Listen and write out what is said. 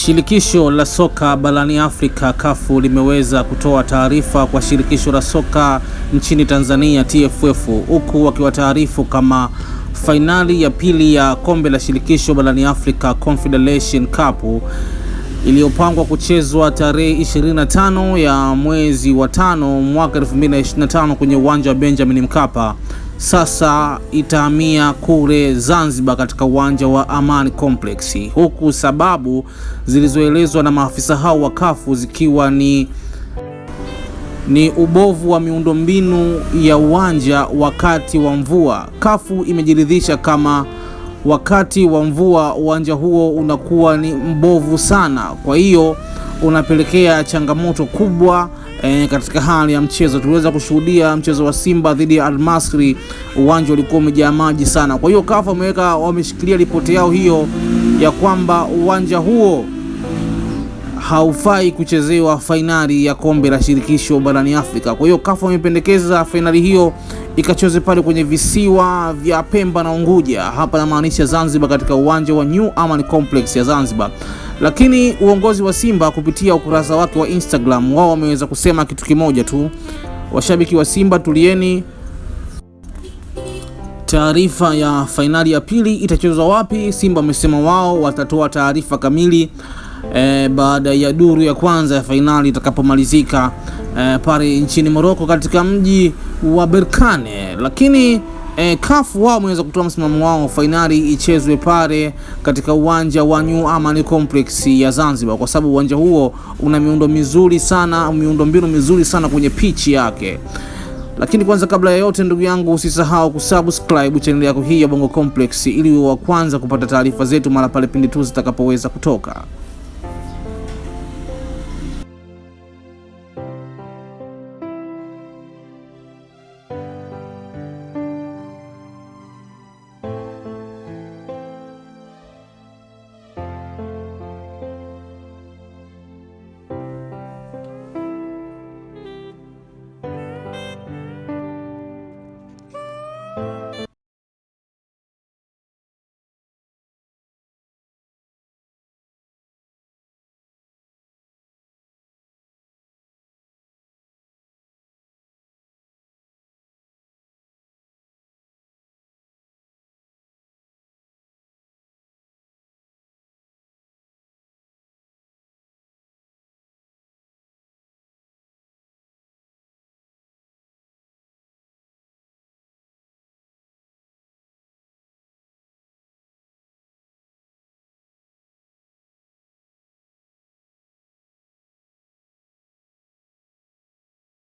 Shirikisho la soka barani Afrika kafu limeweza kutoa taarifa kwa shirikisho la soka nchini Tanzania TFF huku wakiwataarifu kama fainali ya pili ya kombe la shirikisho barani Afrika Confederation Cup iliyopangwa kuchezwa tarehe 25 ya mwezi wa tano mwaka 2025 kwenye uwanja wa Benjamin Mkapa sasa itahamia kule Zanzibar katika uwanja wa Amani Complex, huku sababu zilizoelezwa na maafisa hao wa kafu zikiwa ni ni ubovu wa miundombinu ya uwanja wakati wa mvua. Kafu imejiridhisha kama wakati wa mvua uwanja huo unakuwa ni mbovu sana, kwa hiyo unapelekea changamoto kubwa E, katika hali ya mchezo tuliweza kushuhudia mchezo wa Simba dhidi ya Almasri, uwanja ulikuwa umejaa maji sana. Kwa hiyo CAF wameweka wameshikilia ripoti yao hiyo ya kwamba uwanja huo haufai kuchezewa fainali ya kombe la shirikisho barani Afrika. Kwa hiyo CAF wamependekeza fainali hiyo ikacheze pale kwenye visiwa vya Pemba na Unguja, hapa namaanisha Zanzibar, katika uwanja wa New Aman Complex ya Zanzibar. Lakini uongozi wa Simba kupitia ukurasa wake wa Instagram, wao wameweza kusema kitu kimoja tu, washabiki wa Simba tulieni. Taarifa ya fainali ya pili itachezwa wapi? Simba wamesema wao watatoa taarifa kamili e, baada ya duru ya kwanza ya fainali itakapomalizika eh, pale nchini Morocco katika mji wa Berkane, lakini e, CAF wao wameweza kutoa msimamo wao, fainali ichezwe pale katika uwanja wa New Amani Complex ya Zanzibar, kwa sababu uwanja huo una miundo mizuri sana, miundo mbinu mizuri sana kwenye pichi yake. Lakini kwanza kabla ya yote, ndugu yangu, usisahau kusubscribe chaneli yako hii ya Bongo Complex ili uwe wa kwanza kupata taarifa zetu mara pale pindi tu zitakapoweza kutoka.